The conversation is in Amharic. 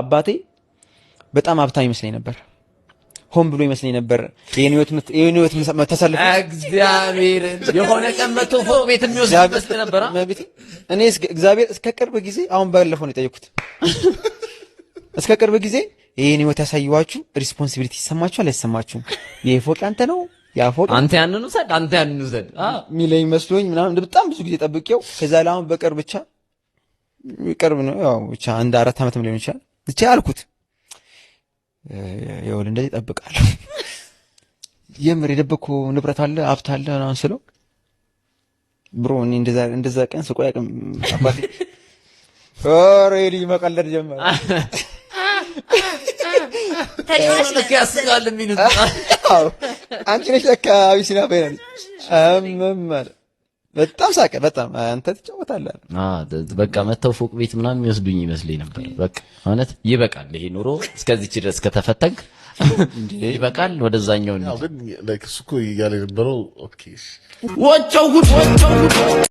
አባቴ በጣም ሀብታም ይመስለኝ ነበር። ሆን ብሎ ይመስለኝ ነበር። የኔ ህይወት ተሰልፎ እግዚአብሔር የሆነ ቀን መጥቶ ፎቅ ቤት የሚወስድበት ነበር። እኔ እግዚአብሔር እስከ ቅርብ ጊዜ አሁን ባለፈው ነው የጠየኩት። እስከ ቅርብ ጊዜ ይሄን ህይወት ያሳየኋችሁ ሪስፖንሲቢሊቲ ይሰማችኋል አይሰማችሁም? ይሄ ፎቅ አንተ ነው ያፎቅ አንተ ያንን ውሰድ አንተ ያንን ውሰድ ሚለኝ መስሎኝ ምናምን በጣም ብዙ ጊዜ ጠብቄው ከዛ ላይ አሁን በቅርብ ብቻ ቅርብ ነው ያው ብቻ አንድ አራት ዓመትም ሊሆን ይችላል ብቻ ያልኩት ይኸውልህ እንደዚህ እጠብቃለሁ። የምር የደበኩ ንብረት አለ ሀብት አለ ምናምን ስለው ብሮ እንደዛ ቀን ስቆይ አቅም አባቴ ኧረ ይሄ ልጅ መቀለድ ጀመረ። አንቺ ነሽ ለካ አቢሲና በይናለች አመም አለ በጣም ሳቀ። በጣም አንተ ትጫወታለህ። በቃ መተው ፎቅ ቤት ምናምን የሚወስዱኝ ይመስለኝ ነበር። በቃ እውነት ይበቃል፣ ይሄ ኑሮ እስከዚች ድረስ ከተፈተግ ይበቃል። ወደዛኛው ነው ላይክ እሱ እኮ እያለ የነበረው ወቸው ጉድ